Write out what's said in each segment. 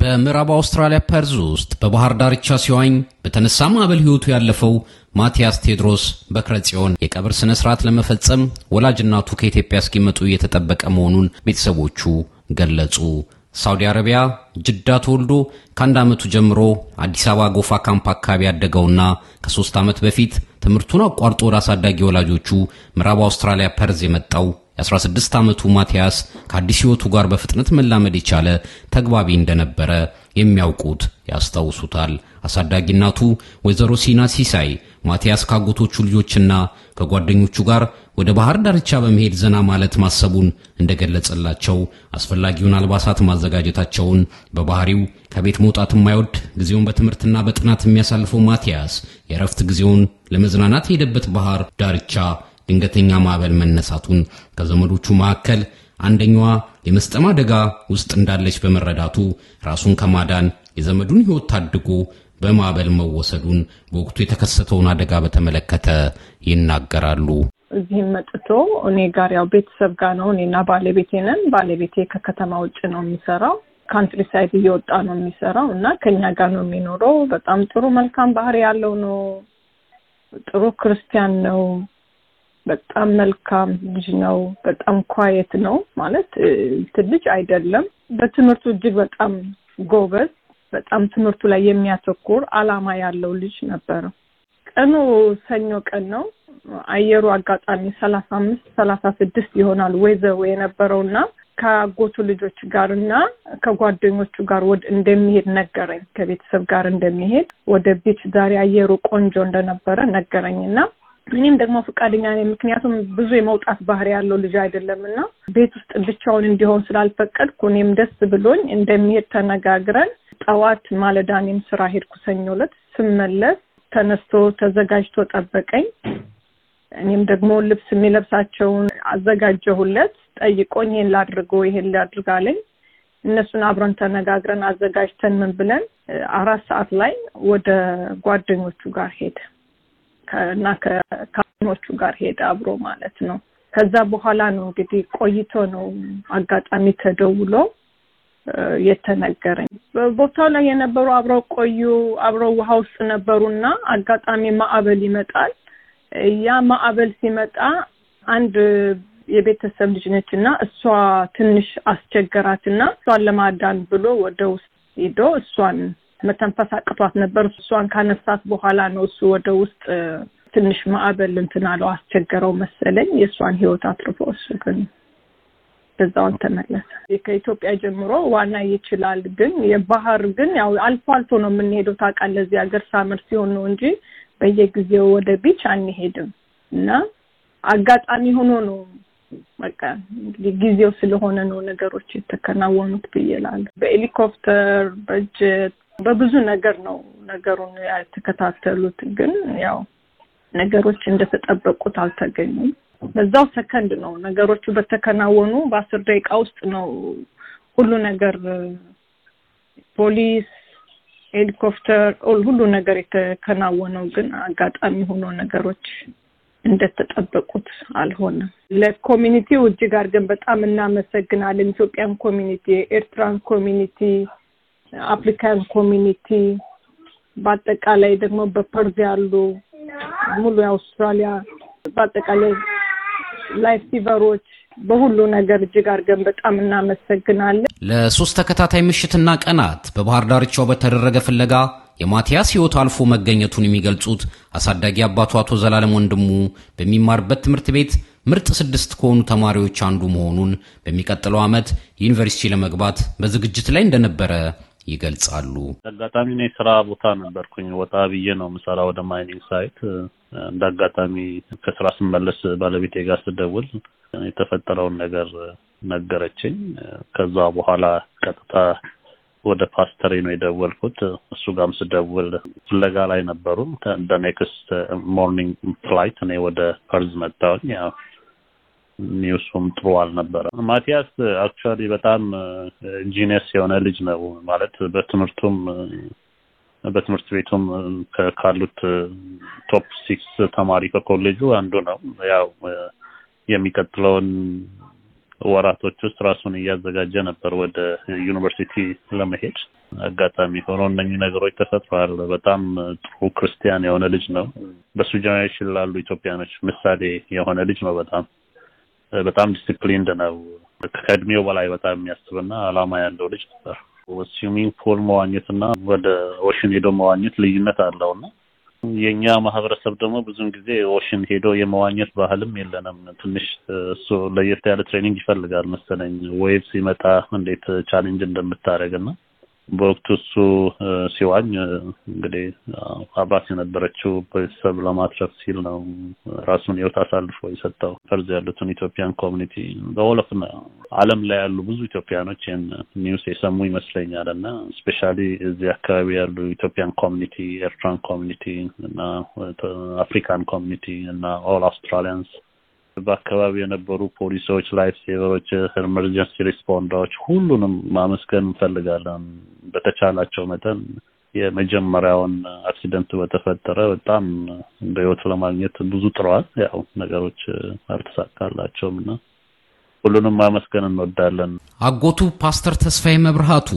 በምዕራብ አውስትራሊያ ፐርዝ ውስጥ በባህር ዳርቻ ሲዋኝ በተነሳ ማዕበል ሕይወቱ ያለፈው ማቲያስ ቴድሮስ በክረጽዮን የቀብር ስነ ስርዓት ለመፈጸም ወላጅናቱ ከኢትዮጵያ እስኪመጡ እየተጠበቀ መሆኑን ቤተሰቦቹ ገለጹ። ሳውዲ አረቢያ ጅዳ ተወልዶ ከአንድ ዓመቱ ጀምሮ አዲስ አበባ ጎፋ ካምፕ አካባቢ ያደገውና ከሶስት ዓመት በፊት ትምህርቱን አቋርጦ ወደ አሳዳጊ ወላጆቹ ምዕራብ አውስትራሊያ ፐርዝ የመጣው የ16 ዓመቱ ማቲያስ ከአዲስ ሕይወቱ ጋር በፍጥነት መላመድ የቻለ ተግባቢ እንደነበረ የሚያውቁት ያስታውሱታል። አሳዳጊ እናቱ ወይዘሮ ሲና ሲሳይ ማቲያስ ካጎቶቹ ልጆችና ከጓደኞቹ ጋር ወደ ባህር ዳርቻ በመሄድ ዘና ማለት ማሰቡን እንደገለጸላቸው አስፈላጊውን አልባሳት ማዘጋጀታቸውን በባህሪው ከቤት መውጣት የማይወድ ጊዜውን በትምህርትና በጥናት የሚያሳልፈው ማቲያስ የእረፍት ጊዜውን ለመዝናናት የሄደበት ባህር ዳርቻ ድንገተኛ ማዕበል መነሳቱን ከዘመዶቹ መካከል አንደኛዋ የመስጠም አደጋ ውስጥ እንዳለች በመረዳቱ ራሱን ከማዳን የዘመዱን ሕይወት ታድጎ በማዕበል መወሰዱን በወቅቱ የተከሰተውን አደጋ በተመለከተ ይናገራሉ። እዚህም መጥቶ እኔ ጋር ያው ቤተሰብ ጋር ነው፣ እኔና ባለቤቴ ነን። ባለቤቴ ከከተማ ውጭ ነው የሚሰራው ካንትሪ ሳይድ እየወጣ ነው የሚሰራው እና ከኛ ጋር ነው የሚኖረው። በጣም ጥሩ መልካም ባህሪ ያለው ነው። ጥሩ ክርስቲያን ነው። በጣም መልካም ልጅ ነው። በጣም ኳየት ነው ማለት ትልጅ አይደለም። በትምህርቱ እጅግ በጣም ጎበዝ በጣም ትምህርቱ ላይ የሚያተኩር አላማ ያለው ልጅ ነበረ። ቀኑ ሰኞ ቀን ነው። አየሩ አጋጣሚ ሰላሳ አምስት ሰላሳ ስድስት ይሆናል ወይዘው የነበረው እና ከአጎቱ ልጆች ጋር እና ከጓደኞቹ ጋር ወደ እንደሚሄድ ነገረኝ። ከቤተሰብ ጋር እንደሚሄድ ወደ ቢች ዛሬ አየሩ ቆንጆ እንደነበረ ነገረኝ እና እኔም ደግሞ ፈቃደኛ ነኝ። ምክንያቱም ብዙ የመውጣት ባህሪ ያለው ልጅ አይደለም እና ቤት ውስጥ ብቻውን እንዲሆን ስላልፈቀድኩ እኔም ደስ ብሎኝ እንደሚሄድ ተነጋግረን ጠዋት ማለዳ እኔም ስራ ሄድኩ። ሰኞ ዕለት ስመለስ ተነስቶ ተዘጋጅቶ ጠበቀኝ። እኔም ደግሞ ልብስ የሚለብሳቸውን አዘጋጀሁለት። ጠይቆኝ ይሄን ላድርጎ ይሄን ላድርግ አለኝ። እነሱን አብረን ተነጋግረን አዘጋጅተን ምን ብለን አራት ሰዓት ላይ ወደ ጓደኞቹ ጋር ሄደ። እና ከካኖቹ ጋር ሄደ አብሮ ማለት ነው። ከዛ በኋላ ነው እንግዲህ ቆይቶ ነው አጋጣሚ ተደውሎ የተነገረኝ። ቦታው ላይ የነበሩ አብረው ቆዩ፣ አብረው ውሃ ውስጥ ነበሩና አጋጣሚ ማዕበል ይመጣል። ያ ማዕበል ሲመጣ አንድ የቤተሰብ ልጅ ነች እና እሷ ትንሽ አስቸገራትና እሷን ለማዳን ብሎ ወደ ውስጥ ሄዶ እሷን መተንፈስ አቅቷት ነበር። እሷን ካነሳት በኋላ ነው እሱ ወደ ውስጥ ትንሽ ማዕበል እንትን አለው አስቸገረው መሰለኝ። የእሷን ህይወት አትርፎ እሱ ግን በዛው ተመለሰ። ከኢትዮጵያ ጀምሮ ዋና ይችላል፣ ግን የባህር ግን ያው አልፎ አልፎ ነው የምንሄደው ታውቃለህ። እዚህ ሀገር ሳምር ሲሆን ነው እንጂ በየጊዜው ወደ ቢች አንሄድም እና አጋጣሚ ሆኖ ነው በቃ እንግዲህ ጊዜው ስለሆነ ነው ነገሮች የተከናወኑት ብዬ እላለሁ። በሄሊኮፕተር በጀት በብዙ ነገር ነው ነገሩን ያልተከታተሉት። ግን ያው ነገሮች እንደተጠበቁት አልተገኙም። በዛው ሰከንድ ነው ነገሮቹ በተከናወኑ በአስር ደቂቃ ውስጥ ነው ሁሉ ነገር ፖሊስ፣ ሄሊኮፕተር፣ ሁሉ ነገር የተከናወነው። ግን አጋጣሚ ሆኖ ነገሮች እንደተጠበቁት አልሆነም። ለኮሚኒቲው እጅግ አድርገን በጣም እናመሰግናለን። ኢትዮጵያን ኮሚኒቲ፣ የኤርትራን ኮሚኒቲ አፍሪካን ኮሚኒቲ በአጠቃላይ ደግሞ በፐርዝ ያሉ ሙሉ የአውስትራሊያ በአጠቃላይ ላይፍ ሲቨሮች በሁሉ ነገር እጅግ አድርገን በጣም እናመሰግናለን። ለሶስት ተከታታይ ምሽትና ቀናት በባህር ዳርቻው በተደረገ ፍለጋ የማቲያስ ሕይወት አልፎ መገኘቱን የሚገልጹት አሳዳጊ አባቱ አቶ ዘላለም ወንድሙ በሚማርበት ትምህርት ቤት ምርጥ ስድስት ከሆኑ ተማሪዎች አንዱ መሆኑን በሚቀጥለው ዓመት ዩኒቨርሲቲ ለመግባት በዝግጅት ላይ እንደነበረ ይገልጻሉ። አጋጣሚ እኔ ስራ ቦታ ነበርኩኝ። ወጣ ብዬ ነው ምሰራ ወደ ማይኒንግ ሳይት። እንደ አጋጣሚ ከስራ ስመለስ ባለቤቴ ጋር ስደውል የተፈጠረውን ነገር ነገረችኝ። ከዛ በኋላ ቀጥታ ወደ ፓስተሬ ነው የደወልኩት። እሱ ጋርም ስደውል ፍለጋ ላይ ነበሩ። እንደ ኔክስት ሞርኒንግ ፍላይት እኔ ወደ ፐርዝ መጣሁኝ። ያው ኒውሱም ጥሩ አልነበረ። ማቲያስ አክቹዋሊ በጣም ጂነስ የሆነ ልጅ ነው ማለት በትምህርቱም በትምህርት ቤቱም ካሉት ቶፕ ሲክስ ተማሪ ከኮሌጁ አንዱ ነው። ያው የሚቀጥለውን ወራቶች ውስጥ ራሱን እያዘጋጀ ነበር ወደ ዩኒቨርሲቲ ለመሄድ። አጋጣሚ ሆኖ እነኚህ ነገሮች ተፈጥረዋል። በጣም ጥሩ ክርስቲያን የሆነ ልጅ ነው። በሱ ጀኔሬሽን ላሉ ኢትዮጵያኖች ምሳሌ የሆነ ልጅ ነው በጣም በጣም ዲስፕሊንድ ነው። ከእድሜው በላይ በጣም የሚያስብና አላማ ያለው ልጅ ነበር። ስዊሚንግ ፖል መዋኘትና ወደ ኦሽን ሄዶ መዋኘት ልዩነት አለውና የእኛ ማህበረሰብ ደግሞ ብዙን ጊዜ ኦሽን ሄዶ የመዋኘት ባህልም የለንም። ትንሽ እሱ ለየት ያለ ትሬኒንግ ይፈልጋል መሰለኝ። ዌቭ ሲመጣ እንዴት ቻሌንጅ እንደምታደርግ እና በወቅቱ እሱ ሲዋኝ እንግዲህ አባት የነበረችው ቤተሰብ ለማትረፍ ሲል ነው ራሱን ህይወት አሳልፎ የሰጠው። ፈርዝ ያሉትን ኢትዮጵያን ኮሚኒቲ በወለፍ ዓለም ላይ ያሉ ብዙ ኢትዮጵያኖች ይህን ኒውስ የሰሙ ይመስለኛል እና ስፔሻሊ እዚህ አካባቢ ያሉ ኢትዮጵያን ኮሚኒቲ፣ ኤርትራን ኮሚኒቲ እና አፍሪካን ኮሚኒቲ እና ኦል አውስትራሊያንስ በአካባቢ የነበሩ ፖሊሶች፣ ላይፍ ሴቨሮች፣ ኤመርጀንሲ ሪስፖንዳዎች ሁሉንም ማመስገን እንፈልጋለን። በተቻላቸው መጠን የመጀመሪያውን አክሲደንት በተፈጠረ በጣም በህይወት ለማግኘት ብዙ ጥረዋል። ያው ነገሮች አልተሳካላቸውም እና ሁሉንም ማመስገን እንወዳለን። አጎቱ ፓስተር ተስፋዬ መብርሃቱ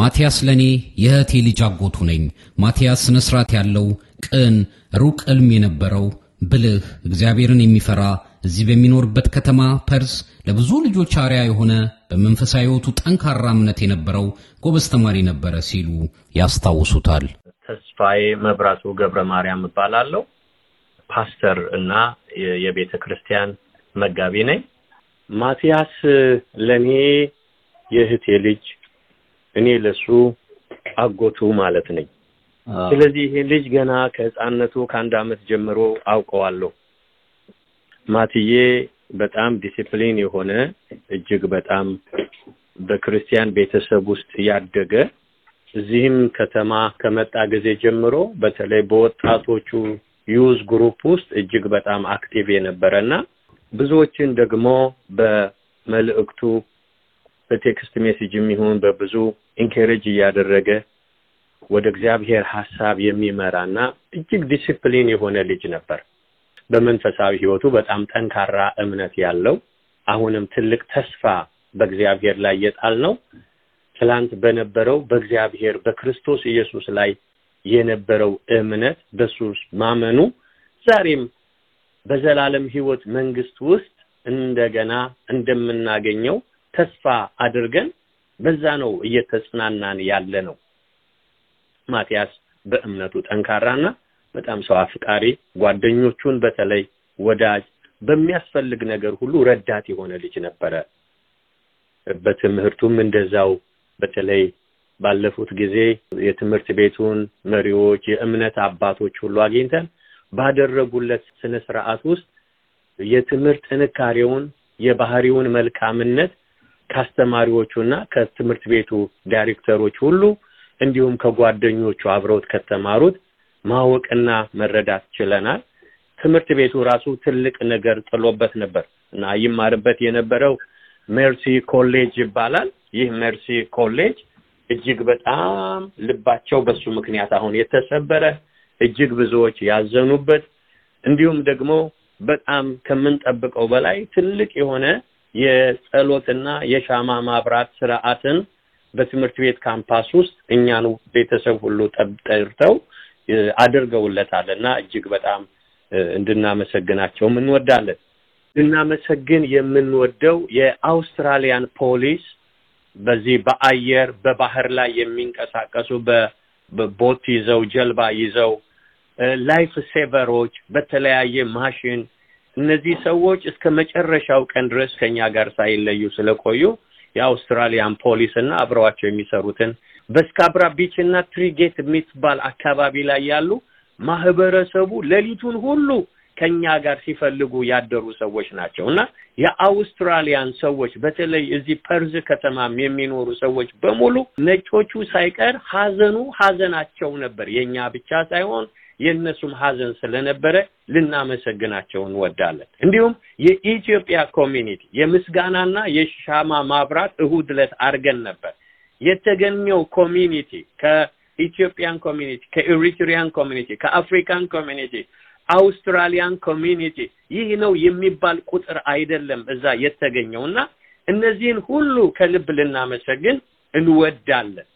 ማቲያስ ለእኔ የእህቴ ልጅ አጎቱ ነኝ። ማቲያስ ስነስርዓት ያለው ቅን፣ ሩቅ ዕልም የነበረው ብልህ፣ እግዚአብሔርን የሚፈራ እዚህ በሚኖርበት ከተማ ፐርስ ለብዙ ልጆች አርያ የሆነ በመንፈሳዊ ሕይወቱ ጠንካራ እምነት የነበረው ጎበዝ ተማሪ ነበረ ሲሉ ያስታውሱታል። ተስፋዬ መብራቱ ገብረ ማርያም እባላለሁ። ፓስተር እና የቤተ ክርስቲያን መጋቢ ነኝ። ማቲያስ ለእኔ የእህቴ ልጅ፣ እኔ ለሱ አጎቱ ማለት ነኝ። ስለዚህ ይሄ ልጅ ገና ከህፃንነቱ ከአንድ አመት ጀምሮ አውቀዋለሁ። ማትዬ በጣም ዲሲፕሊን የሆነ እጅግ በጣም በክርስቲያን ቤተሰብ ውስጥ ያደገ እዚህም ከተማ ከመጣ ጊዜ ጀምሮ በተለይ በወጣቶቹ ዩዝ ግሩፕ ውስጥ እጅግ በጣም አክቲቭ የነበረ እና ብዙዎችን ደግሞ በመልእክቱ በቴክስት ሜሴጅ የሚሆን በብዙ ኢንኬሬጅ እያደረገ ወደ እግዚአብሔር ሀሳብ የሚመራና እጅግ ዲሲፕሊን የሆነ ልጅ ነበር። በመንፈሳዊ ህይወቱ በጣም ጠንካራ እምነት ያለው አሁንም ትልቅ ተስፋ በእግዚአብሔር ላይ የጣል ነው። ትላንት በነበረው በእግዚአብሔር በክርስቶስ ኢየሱስ ላይ የነበረው እምነት በሱ ማመኑ ዛሬም በዘላለም ህይወት መንግስት ውስጥ እንደገና እንደምናገኘው ተስፋ አድርገን በዛ ነው እየተጽናናን ያለ ነው። ማቲያስ በእምነቱ ጠንካራና በጣም ሰው አፍቃሪ፣ ጓደኞቹን በተለይ ወዳጅ፣ በሚያስፈልግ ነገር ሁሉ ረዳት የሆነ ልጅ ነበረ። በትምህርቱም እንደዛው በተለይ ባለፉት ጊዜ የትምህርት ቤቱን መሪዎች፣ የእምነት አባቶች ሁሉ አግኝተን ባደረጉለት ስነ ስርዓት ውስጥ የትምህርት ጥንካሬውን የባህሪውን መልካምነት ከአስተማሪዎቹና ከትምህርት ቤቱ ዳይሬክተሮች ሁሉ እንዲሁም ከጓደኞቹ አብረውት ከተማሩት ማወቅና መረዳት ችለናል። ትምህርት ቤቱ ራሱ ትልቅ ነገር ጥሎበት ነበር እና ይማርበት የነበረው ሜርሲ ኮሌጅ ይባላል። ይህ ሜርሲ ኮሌጅ እጅግ በጣም ልባቸው በሱ ምክንያት አሁን የተሰበረ እጅግ ብዙዎች ያዘኑበት እንዲሁም ደግሞ በጣም ከምንጠብቀው በላይ ትልቅ የሆነ የጸሎትና የሻማ ማብራት ስርዓትን በትምህርት ቤት ካምፓስ ውስጥ እኛን ቤተሰብ ሁሉ ጠርተው አድርገውለታል እና እጅግ በጣም እንድናመሰግናቸውም እንወዳለን። እናመሰግን የምንወደው የአውስትራሊያን ፖሊስ በዚህ በአየር በባህር ላይ የሚንቀሳቀሱ በቦት ይዘው ጀልባ ይዘው ላይፍ ሴቨሮች በተለያየ ማሽን እነዚህ ሰዎች እስከ መጨረሻው ቀን ድረስ ከኛ ጋር ሳይለዩ ስለቆዩ የአውስትራሊያን ፖሊስ እና አብረዋቸው የሚሰሩትን በስካብራ ቢች እና ትሪጌት የሚትባል አካባቢ ላይ ያሉ ማህበረሰቡ ሌሊቱን ሁሉ ከኛ ጋር ሲፈልጉ ያደሩ ሰዎች ናቸው እና የአውስትራሊያን ሰዎች በተለይ እዚህ ፐርዝ ከተማም የሚኖሩ ሰዎች በሙሉ ነጮቹ ሳይቀር ሀዘኑ ሀዘናቸው ነበር። የእኛ ብቻ ሳይሆን የእነሱም ሀዘን ስለነበረ ልናመሰግናቸው እንወዳለን። እንዲሁም የኢትዮጵያ ኮሚኒቲ የምስጋናና የሻማ ማብራት እሁድ ለት አድርገን ነበር። የተገኘው ኮሚኒቲ ከኢትዮጵያን ኮሚኒቲ፣ ከኤሪትሪያን ኮሚኒቲ፣ ከአፍሪካን ኮሚኒቲ፣ አውስትራሊያን ኮሚኒቲ ይህ ነው የሚባል ቁጥር አይደለም እዛ የተገኘው እና እነዚህን ሁሉ ከልብ ልናመሰግን እንወዳለን።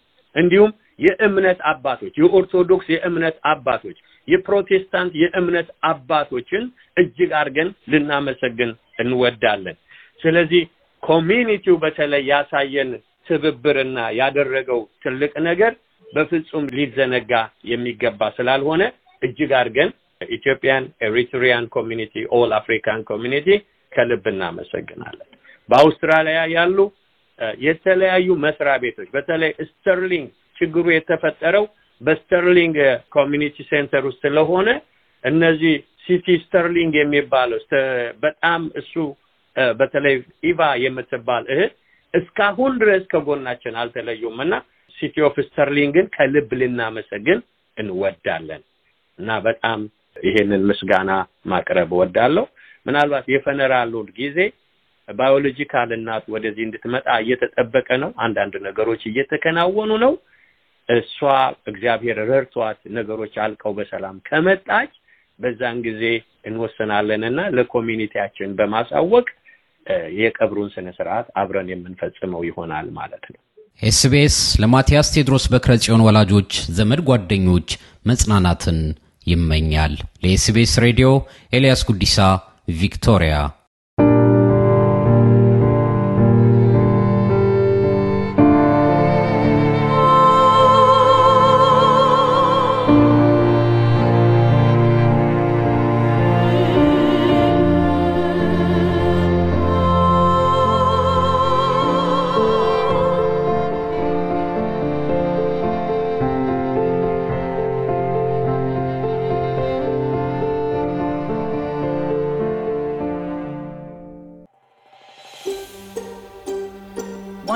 እንዲሁም የእምነት አባቶች የኦርቶዶክስ የእምነት አባቶች የፕሮቴስታንት የእምነት አባቶችን እጅግ አድርገን ልናመሰግን እንወዳለን። ስለዚህ ኮሚኒቲው በተለይ ያሳየን ትብብርና ያደረገው ትልቅ ነገር በፍጹም ሊዘነጋ የሚገባ ስላልሆነ እጅግ አድርገን ኢትዮጵያን ኤሪትሪያን ኮሚኒቲ ኦል አፍሪካን ኮሚኒቲ ከልብ እናመሰግናለን። በአውስትራሊያ ያሉ የተለያዩ መስሪያ ቤቶች በተለይ ስተርሊንግ ችግሩ የተፈጠረው በስተርሊንግ ኮሚኒቲ ሴንተር ውስጥ ስለሆነ እነዚህ ሲቲ ስተርሊንግ የሚባለው በጣም እሱ በተለይ ኢቫ የምትባል እህት እስካሁን ድረስ ከጎናችን አልተለዩም እና ሲቲ ኦፍ ስተርሊንግን ከልብ ልናመሰግን እንወዳለን እና በጣም ይሄንን ምስጋና ማቅረብ እወዳለሁ። ምናልባት የፈነራሉን ጊዜ ባዮሎጂካል እናት ወደዚህ እንድትመጣ እየተጠበቀ ነው። አንዳንድ ነገሮች እየተከናወኑ ነው። እሷ እግዚአብሔር ረድቷት ነገሮች አልቀው በሰላም ከመጣች በዛን ጊዜ እንወሰናለን እና ለኮሚኒቲያችን በማሳወቅ የቀብሩን ስነ ስርዓት አብረን የምንፈጽመው ይሆናል ማለት ነው። ኤስቢኤስ ለማቲያስ ቴድሮስ በክረጽዮን ወላጆች፣ ዘመድ፣ ጓደኞች መጽናናትን ይመኛል። ለኤስቢኤስ ሬዲዮ ኤልያስ ጉዲሳ ቪክቶሪያ